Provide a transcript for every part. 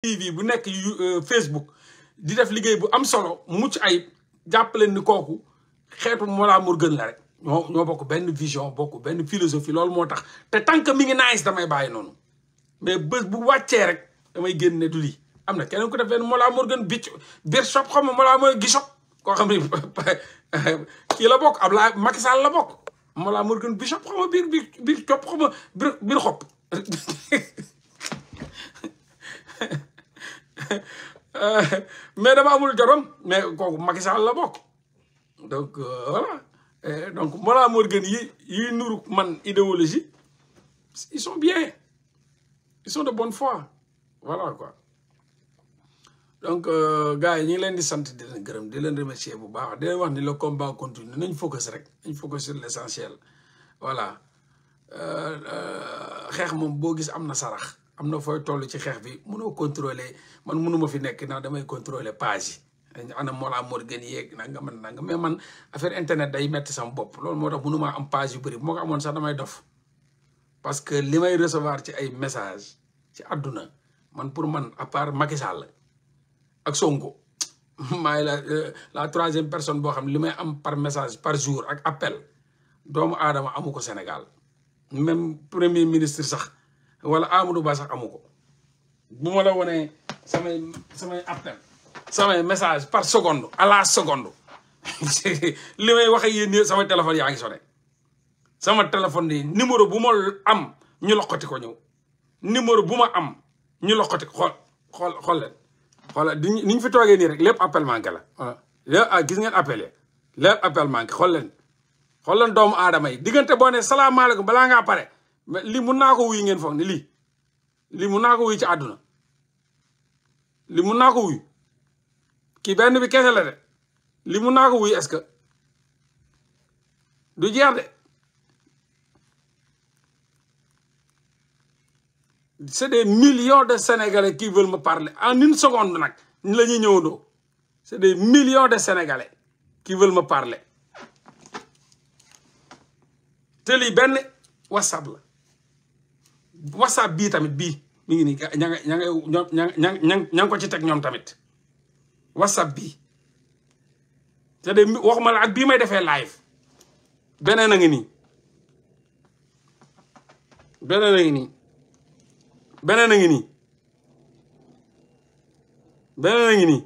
TV bu nekk euh, Facebook di def liggéey bu am solo mucc ayib jàppaleen ni kooku xeetu Mollah Morgun la rek ñoo ñoo bokk benn vision bokk benn philosophie loolu moo tax te tant que mi ngi nice damay bàyyi noonu mais bët bu wàccee rek damay génn ne du am na keneen ku def benn Mollah Morgun bic biir shop xam nga Mollah Morgun gi shop koo xam ne kii la bokk Abdoulaye Macky Sall la bokk Mollah Morgun bi shop xam nga biir biir biir cop xam xob Euh, mais dama amul jorom mais kooku Macky Sall la bokk donc euh, voilà donc Mollah Morgun yi yi nuru man idéologie ils sont bien ils sont de bonne foi voilà quoi donc euh, gars yi ñu ngi leen di sant di leen gërëm di leen remercier bu baax de leen wax ni le combat continue nañ focus rek nañ focus sur l' essentiel voilà xeex moom boo gis am na sarax am na fooy toll ci xeex bi mënoo contrôler man mënuma fi nekk ndax damay contrôler page yi ana Mollah Morgun yeeg nanga man nanga mais man affaire internet day metti sama bopp loolu moo tax mënumaa am page yu bëri bu ma ko amoon sax damay dof parce que li may recevoir ci ay message ci àdduna man pour man à part Macky Sall ak Sonko maay la euh, la troisième personne boo xam li may am par message par jour ak appel doomu aadama amu ko Sénégal même premier ministre sax wala Amadou Ba sax amu ko bu ma la wonee samay samay appel samay message par seconde à la seconde li may wax ak yéen sama téléphone yaa ngi sonné sama téléphone yi numéro bu ma am ñu loqati ñëw numéro bu ma am ñu loqati ko xool xool xool leen xoolal di ni ñu fi toogee nii rek lépp appel manqué la lépp ah, gis ngeen appelé lépp appel manqué xool leen doomu aadama yi diggante boo ne salaamaaleykum balaa ngaa pare mais lii mun naa ko ngeen foog ne lii li mu naako ko ci àdduna lii mun naa ko wuy kii benn bi kese la de lii mun naa ko wuy est-ce que du jeex de c'est des millions de Sénégalais qui veulent ma parle en une seconde nag ñu la ñuy ñëwandoo c'est des millions de Sénégalais qui veulent me parler te lii benn WhatsApp whatsapp bii tamit bii mi ngi nii ña nga ña nga ña nga ko ci teg ñoom tamit whatsapp bii te de waxuma la ak bii may defee live beneen a ngi nii beneen a ngi nii beneen a ngi nii beneen a ngi nii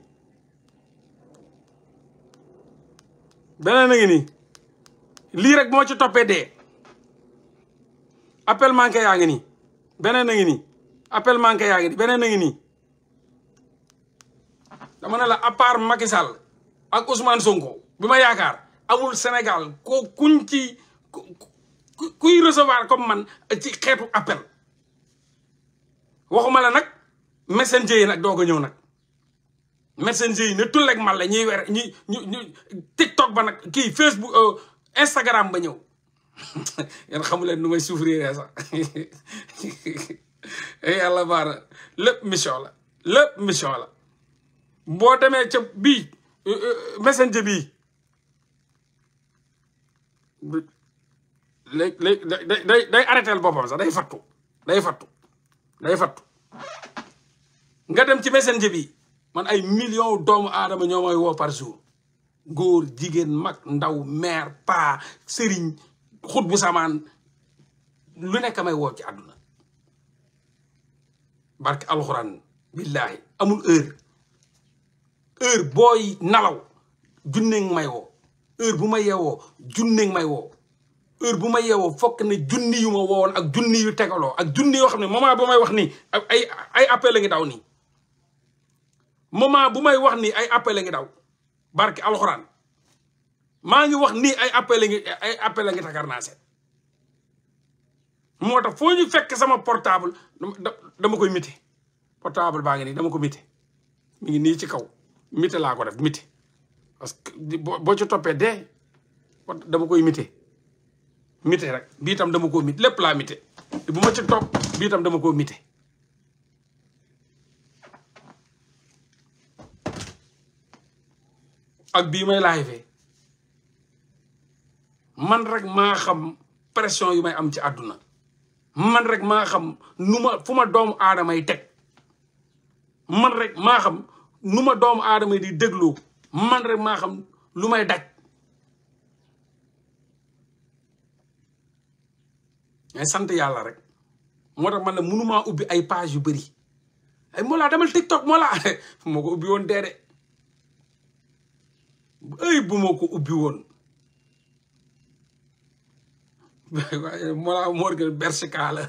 beneen a ngi nii lii rek moo ci toppee dee appel manqué yaa ngi nii beneen a ngi nii appel manqué yaa ngi nii beneen a ngi nii ne la à part Macky ak Ousmane Sonko bi ma yaakaar amul Sénégal ko kuñ ci kuy recevoir comme man ci xeetu appel waxuma la nag messenger yi nag doog a ñëw nag messenger yi ne tulleeg mal la ñuy wer ñi ñu ñu TikTok ba nag kii Facebook euh, Instagram ba ñëw yéen xamu leen nu may souffrir sax yàlla baar na lépp mission la lépp mission la boo demee ca bii euh, euh, messenger bii léegi léegi day day boppam sax day fattu day fattu day fattu nga dem ci messenger bi man ay million doomu aadama ñoo may woo par jour góor jigéen mag ndaw meer paa sëriñ xut bu samaan lu nekk may woo ci àdduna barke alxuraan billaahi amul heure heure booy nalaw junneeg may woo heure bu ma yeewoo junneeg may wo heure bu ma yeewoo fokk ne junni yu ma ak junni yu tegaloo ak junni yoo xam ne moment bu may wax nii ay ay appel la ngi daw nii moment bu may wax nii ay appel la ngi daw barke alxuraan maa ngi wax nii ay appel la ay appel la ngi takar moo tax foo ñu fekk sama portable dama koy mite portable baa ngi nii dama ko mite mi ngi nii ci kaw mite laa ko def mite parce que boo ci toppee dee dama koy mite mite rek bii tam dama ko mite lépp laa mite bu ma ci topp bii tam dama ko mite ak bii may man rek maa xam pression yu may am ci àdduna man rek maaxam xam nu ma fu ma doomu aadama yi teg man rek maaxam nu ma doomu aadama yi di dégloo man rek maaxam lu may daj mais sant yàlla rek moo tax man la mënumaa ubbi ay page yu bëri ay Mollah demal TikTok Mollah moo ko ubbi woon dee de bu ma ko ubbi woon Mollah Morgun Bershka la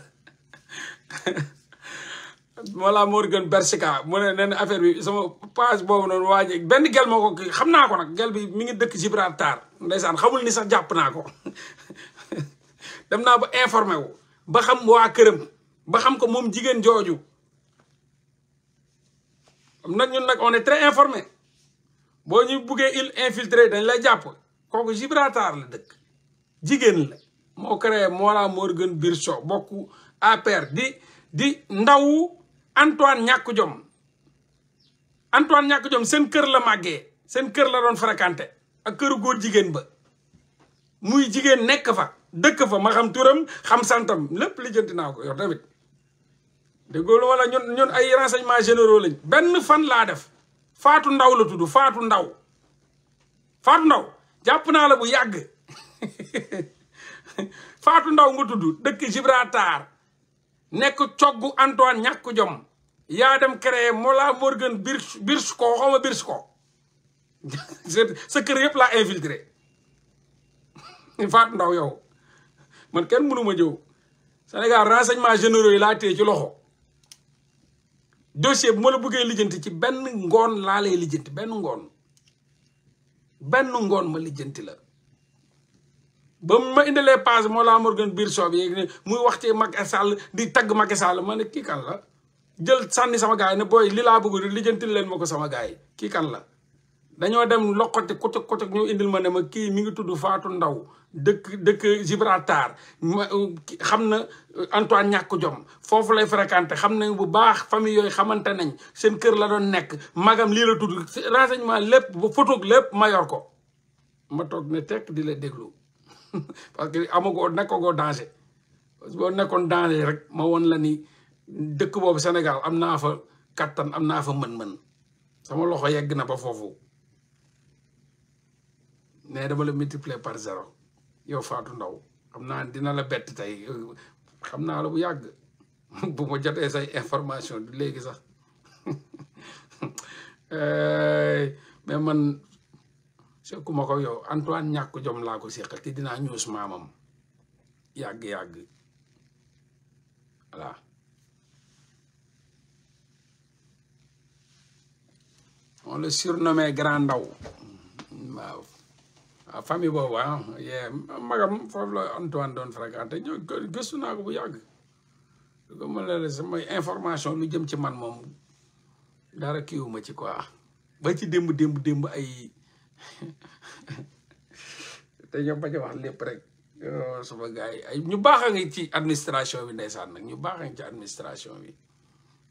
Mollah Morgun Bershka mu ne nee na affaire bi sama page boobu noonu waa ji benn gel moo ko xam naa ko nag gel bi mi ngi dëkk Gibraltar ndeysaan xamul ni sax jàpp naa ko dem naa ba informé wu ba xam waa këram ba xam ko moom jigéen jooju am nag ñun nag on est très informé boo ñu buggee il infiltré dañ lay jàpp kooku Gibraltar la dëkk jigéen la moo créé Mollah Morgun Birso bokku APR di di ndawu Antoine ñàkk jom Antoine ñàkk jom seen kër la màggee seen kër la doon fréquenté ak këru góor jigéen ba muy jigéen nekk fa dëkk fa ma xam turam xam santam lépp li lijjanti naa ko yor tamit déggoo lu wala ñun ñun ay renseignements généraux lañ benn fan laa def faatu ndaw la tudd faatu ndaw faatu ndaw jàpp naa la bu yàgg faatu ndaw nga tudd dëkk Gibraltar nekk coggu Antoine ñàkk jom yaa dem créé Mollah Morgan Birch Birchko xaw ma Birchko sa kër yëpp laa infiltré faatu ndaw yow man kenn mënu ma jëw Sénégal renseignement généraux yi laa téye loxo dossier bu ma la bëggee lijjanti ci benn ngoon laa lay lijjanti benn ngoon benn ngoon ma lijjanti la ba mu ma indilee paas moo laa Morgan biir soob yeeg ne muy wax ci Macky Sall di tagg Macky Sall ma ne kii kan la jël sànni sama gars booy li laa bëgg leen ma ko sama gars yi kan la dañoo dem loqati côté côté ñu indil ma ne ma kii mi ngi tudd faatu Ndaw dëkk dëkk Gibraltar xam na Antoine ñàkk jom foofu lay fréquenté xam nañu bu baax famille yooyu xamante nañ seen kër la doon nekk magam lii la tudd renseignement lépp ba photo lépp mayor ko ma toog ne tekk di la déglu parce que amagoo nekkagoo danger parce que boo nekkoon danger rek ma won la ni dëkk boobu Sénégal am naa fa kattan am naa fa mën-mën sama loxo yegg na ba foofu mais dama la par zéro yow Fatou Ndao xam naa dina la bett tey xam bu yàgg bu ma jotee information du léegi sax euh, mais man. sekku ma ko yow Antoine ñàkk jom laa ko seqal te dinaa ñuus maamam yàgg-yàgg voilà on le surnommé grand ndaw waaw waaw ah, boobu ah magam foofu la Antoine doon fréquenté ñoo naa ko bu yàgg ma la sama information lu jëm ci man moom dara kiiwuma ci quoi ba ci démb démb démb te ñoom bañ a wax lépp rek oh, sama gars ay ñu baax a ngi ci administration bi ndeysaan nag ñu baax a ngi ci administration bi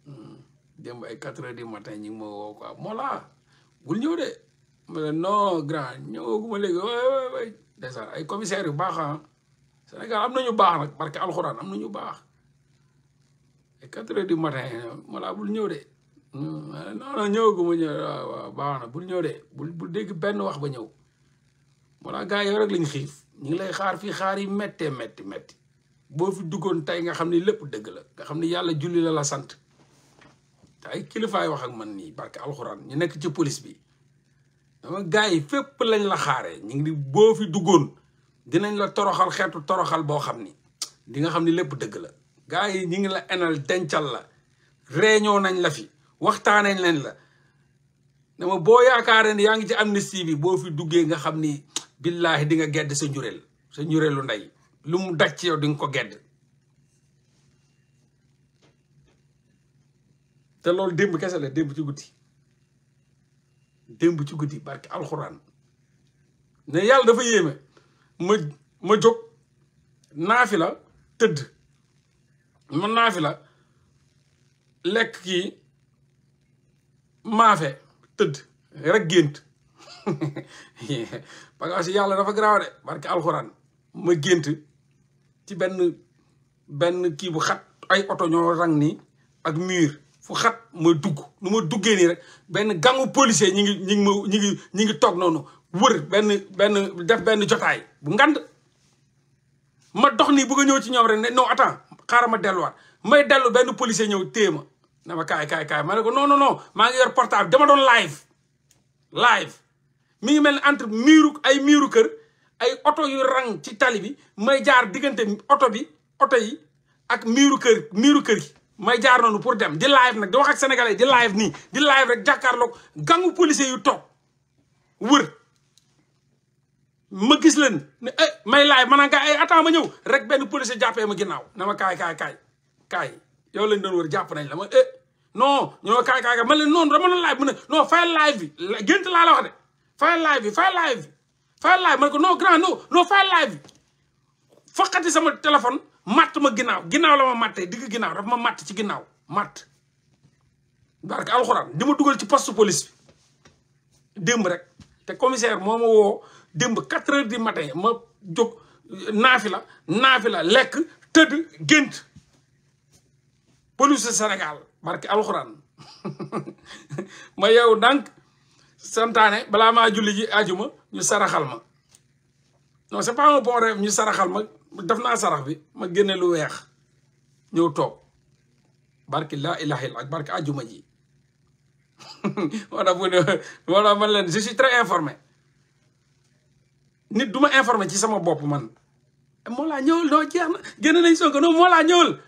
hmm. démb ay quatre heures du matin ñu ngi ma woo quoi Mollah ñëw de ma ne non grand ñëwaguma léegi waay waay ndeysaan ay commissaires yu baax ah Sénégal am na ñu baax nag parce que alxuraan am na ñu baax e quatre heures du matin Mollah bul ñëw de. Mm, non non ñëw gu ma ñëw de dégg benn wax ba ñëw walla gars yow rek lañ xiif ñu ngi lay xaar fii xaar yi méttee métti métti boo fi duggoon tey nga xam ni lépp dëgg la nga xam ni yàlla julli la la sant te ay kilifaay wax ak man nii barke alxuraan ñu nekk ci police bi dama gars yi fépp lañ la xaaree ñu boo fi duggoon dinañ la toroxal xeetu toroxal boo xam ni di nga xam ni lépp dëgg la gars yi ñu ngi la enal dencal la réñoo nañ la fi waxtaanee leen la dama boo yaakaaree ne yaa ngi ci amnistie bi boo fi duggee nga xam ni billaahi di nga gedd sa njureel sa njureelu ndey lu mu daj ci yow di nga ko gedd te loolu démb kese la démb ci guddi démb ci guddi barki alxuraan ne yàlla dafa yéeme ma ma jóg naafi la tëdd ma naafi la lekk kii maafe tëdd rek gént bagage yi yàlla dafa garaaw de barke alxuraan ma gént ci benn benn kii bu xat ay oto ñoo rang nii ak miir fu xat ma dugg nu ma duggee nii rek benn gangu policier ñi ngi ñi ngi ñi ngi ñi ngi toog noonu wër benn benn def benn jotaay bu ngand ma dox nii bëgg a ñëw ci ñoom rek ne non attends xaaral ma delluwaat may dellu benn policier ñëw téye na ma kaay kaay kaay ma ne ko non non non maa ngi yor portable dama doon live live mi ngi mel ni entre miiru ay miiru kër ay oto yu rang ci tali bi may jaar diggante oto bi oto yi ak miiru kër miiru kër yi may jaar noonu pour dem di live nag di wax ak sénégalais di live nii di live rek jàkkaarloog gangu policier yu toog wër ma gis leen ne ay eh, may live maanaam ay eh, attends ma ñëw rek benn policier jàppee ma ginnaaw na ma kaay kaay kaay yow lañ doon wër jàpp nañ la ma eh non ñoo kaay kaay kaay man leen noonu dama doon live mu ne non fayal live gént laa la wax de fayal live bi fayal live bi fayal live ma ne ko non grand non non live bi sama téléphone matt ma ginnaaw ginnaaw la ma mattee digg ginnaaw dafa ma matt ci ginnaaw matt barke alxuraan di ma dugal ci poste police démb rek te commissaire moo ma woo démb quatre heures du matin ma jóg naafi la naafi la lekk tëdd gént police Sénégal barki alxuraan ma yow ndànk santaane balaa maa julli ji ajuma ñu saraxal ma non c'est pas un bon rêve ñu saraxal ma def naa sarax bi ma génne lu weex ñëw toog barki laa ilaha illa barki ajuma ji wala bu ne wala man informé nit du ma informé ci sama bopp man moo laa ñëwul noo jeex na génne nañ Sonko non ñëwul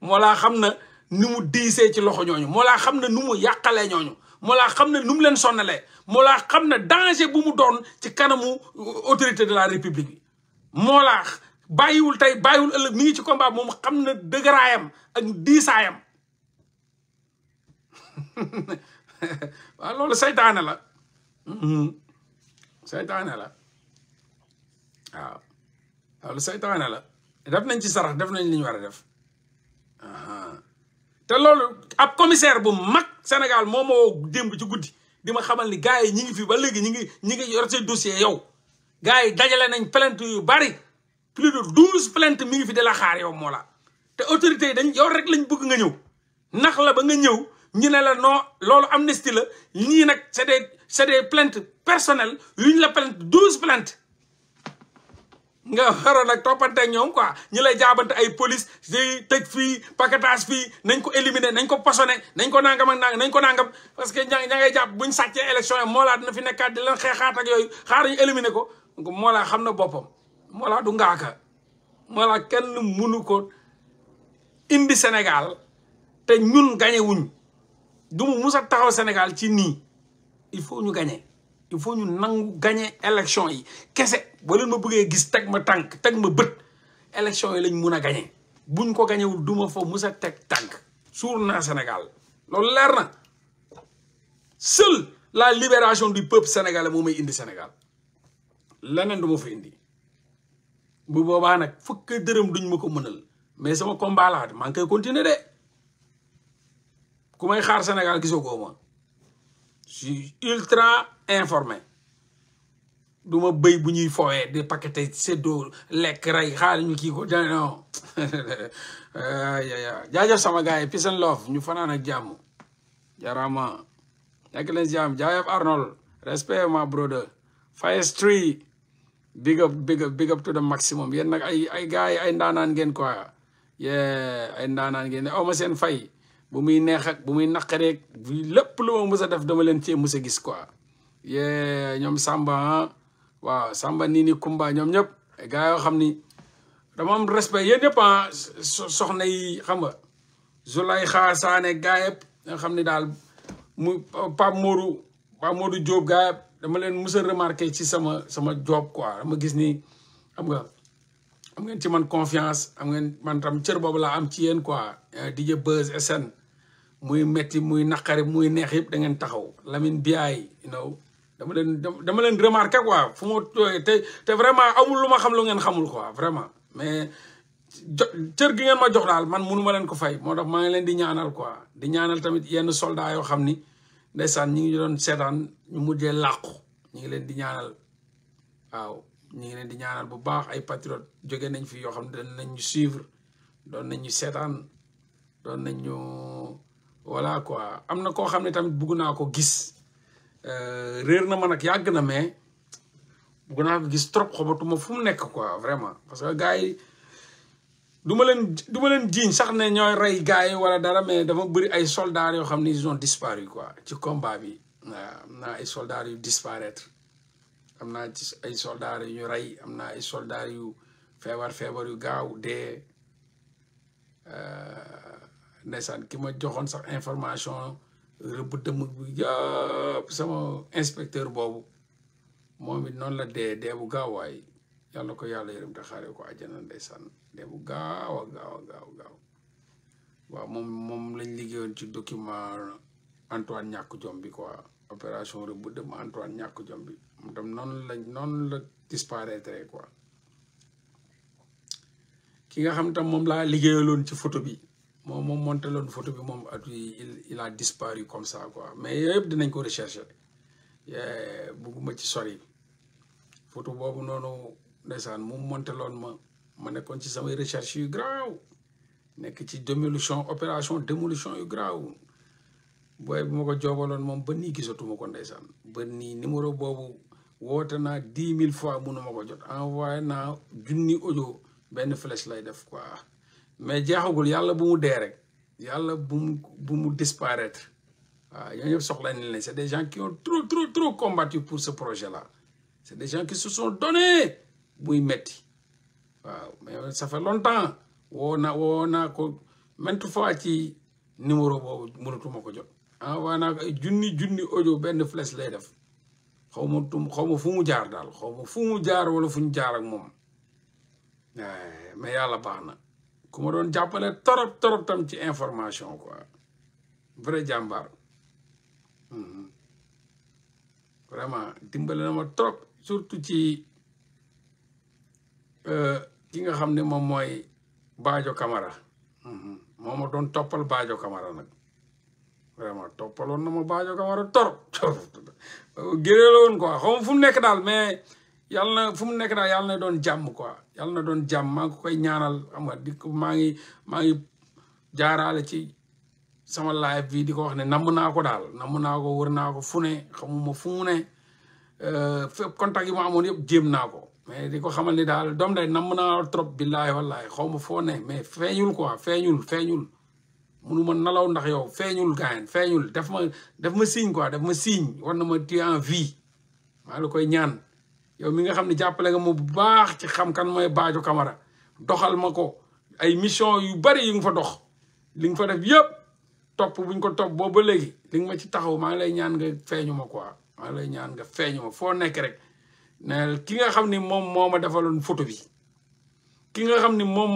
moo laa xam na nu mu diisee ci loxo ñooñu moo laa xam na nu mu yàqalee ñooñu moo laa xam ne nu mu leen sonnalee moo laa xam ne danger bu mu doon ci kanamu euh, autorité de la république bi moo laa bàyyiwul tey bàyyiwul ëllëg mi ngi ci combat moom xam na dëgëraayam ak diisaayam waaw loolu saytaane la mm-hmm. saytaane la waaw loolu saytaane la def nañ ci sarax def nañ li ñu war a def te loolu ab commissaire bu mag Sénégal moo ma démb ci guddi di ma xamal ni gars yi ñi ngi fi ba léegi ñi ngi ñi ngi yor seen dossier yow gars yi dajale nañ plainte yu bari plus de plante mi ngi fi de la xaar yow moo la te autorités dañ yow rek lañ bëgg nga ñëw nax la ba nga ñëw ñu ne la non loolu amnistie la ñii nag c'est des c'est des plaintes personnelles yuñ la plainte douze plaintes nga waroon ak toppante ak ñoom quoi ñi lay jaabante ay police di tëj fii paquetage fii nañ ko éliminer nañ ko posone nañ ko nangam ak nangam nañ ko nangam parce que ña ña jàpp buñ sàccee élection yi Mollah dina fi nekkaat di leen xeexaat ak yooyu xaar ñu éliminer ko Mollah xam na boppam Mollah du ngaaka Mollah kenn munu ko indi Sénégal te ñun gañe wuñ du mu taxaw Sénégal ci nii il faut ñu gañe il faut ñu nangu gagner élection yi kese boo leen ma buggee gis teg ma tànk teg ma bët élection yi lañ mun a gagner buñ ko gañewul duma fa musa teg tànk suur naa Sénégal loolu leer na sël la libération du peuple sénégalais moo indi Sénégal leneen du ma fa indi bu boobaa nag fukk dërëm duñ ma ko mënal mais sama combat laa maa ngi continuer de ku may xaar Sénégal gisoo ko ma ultra informé duma ma bëy bu ñuy fowee di paqueté séddoo lekk rey xaalis ñu kii ko non sama gars yi peace love ñu fanaan ak jàmm jarama nekk leen jàmm Arnold respect ma brother fire street big up big up big up to the maximum yéen nag ay ay ay ndaanaan ngeen quoi ye ay ndaanaan ngeen ne aw ma seen fay bu muy neex ak bu muy naqareeg lépp lu ma mës a def dama leen cee mës a gis quoi yee ñoom Samba waaw Samba nii ni Kumba ñoom ñëpp gars yoo xam ni dama am respect yéen ñëpp ah soxna yi xam nga Zulaykha Saane gars yëpp nga xam ni daal mu Pape Modou Pape dama leen mus a ci sama sama job quoi gis ni xam nga am ngeen ci man confiance am ngeen man tam cër boobu laa am ci yéen quoi eh, DJ Buzz SN muy metti muy naqari muy neex yëpp da ngeen taxaw lamin Biaye you know dama leen dama leen remarqué quoi fu ma te te vraiment amul lu ma xam lu ngeen xamul ko vraiment mais jo cër gi ngeen ma jox daal man mënu ma leen ko fay moo tax maa ngi leen di ñaanal quoi di ñaanal tamit yenn soldat yoo xam ni saan ñi ngi doon seetaan ñu mujjee làqu ñi ngi leen di ñaanal waaw ñi ngi leen di ñaanal bu baax ay patriote jóge nañ fi yoo xam ne doon nañ ñu suivre doon nañ ñu seetaan doon nañ ñu voilà quoi am na koo xam ne tamit bugg naa ko gis Euh, réer na ma nag yàgg na mais bëgg naa ko gis trop xobatuma fu mu nekk quoi vraiment parce que gars yi du ma leen du ma leen jiiñ sax ne ñooy rey gars yi wala dara mais dafa bëri ay soldats yoo xam ne ils ont disparu quoi ci combat bi am naa ay soldats yu disparaître am naa ci ay soldats yu ñu rey am na ay soldats yu feebar feebar yu gaaw dee euh, ndeysaan ki ma joxoon sax information bu tëmm sama inspecteur boobu moom it noonu la dee dee bu gaawaay yàlla ko yàlla yërëm te xaaree ko àjjana san dee bu gaaw a gaaw a gaaw gaaw waaw moom moom lañ liggéeyoon ci document Antoine ñàkk jombi bi quoi opération rëbb bu dëmm Antoine ñàkk jom bi mu tam noonu lañ noon la disparaître quoi ki nga xam tam moom laa liggéeyaloon ci photo bi moom moom monté loon photo bi moom at il a disparu comme ça quoi mais yooyu yëpp dinañ ko rechercher eh, bugguma ci sori photo boobu noonu ndeysaan mu monté loon ma ma nekkoon ci samay recherche yu graaw nekk ci démolition opération démolition yu graaw booy bu ma ko joobaloon moom ba nii gisatuma ko ndeysaan ba nii numéro boobu woote naa dix mille fois mënuma ko jot envoyé naa junni audio benn flèche lay def quoi mais jeexagul yàlla bu mu dee rek yàlla bu mu bu mu disparaître waaw ñoo ñëpp soxla nañ leen c' est des gens qui ont trop trop trop combattu pour ce projet la c' est des gens qui se sont buy metti waaw mais ça fait longtemps woo na woo naa ko maintes fois ci numéro boobu mënatuma ko jot envoyé naa ko junni junni audio benn flèche lay def xaw ma xaw fu mu jaar daal xaw fu mu jaar wala fu ñu jaaral ak moom mais yàlla baax na ku ma doon jàppale torop torop tam ci information quoi vrai jàmbar mhm. vraiment dimbale na ma trop surtout ci euh, ki nga xam ne moom mooy baajo Camara mhm. moo ma doon toppal Badio Camara nag vraiment toppaloon na ma Badio Camara torop géréloon quoi xaw fu nekk daal mais yàlla na fu mu nekk daal yàlla doon jàmm quoi yàlla na doon jàmm maa ngi koy ñaanal xam nga di ko maa ngi maa ngi jaaraale ci sama live bi di ko wax ne namm naa ko daal namm naa ko wër naa ko fu ne xamuma fu mu ne euh, fépp contact yi ma yëpp jéem naa ko mais di ko xamal ni daal doom day namm naa trop billaahi wallaahi xaw ma foo ne mais feeñul quoi feeñul feeñul munu ma nalaw ndax yow feeñul gaayen feeñul def ma def ma signe quoi def ma signe war na ma tu en vie maa la koy ñaan yow mi nga xam ne jàppale nga ma bu baax ci xam kan mooy Badio kamara doxal ma ko ay mission yu bari yi nga fa dox li nga fa def yëpp topp buñ ko topp boobu ba léegi li ma ci taxaw maa ngi lay ñaan nga feeñu ma quoi maa lay ñaan nga feeñu ma foo nekk rek ne ki nga xam ni moom moo ma defaloon photo bi ki nga xam ni moom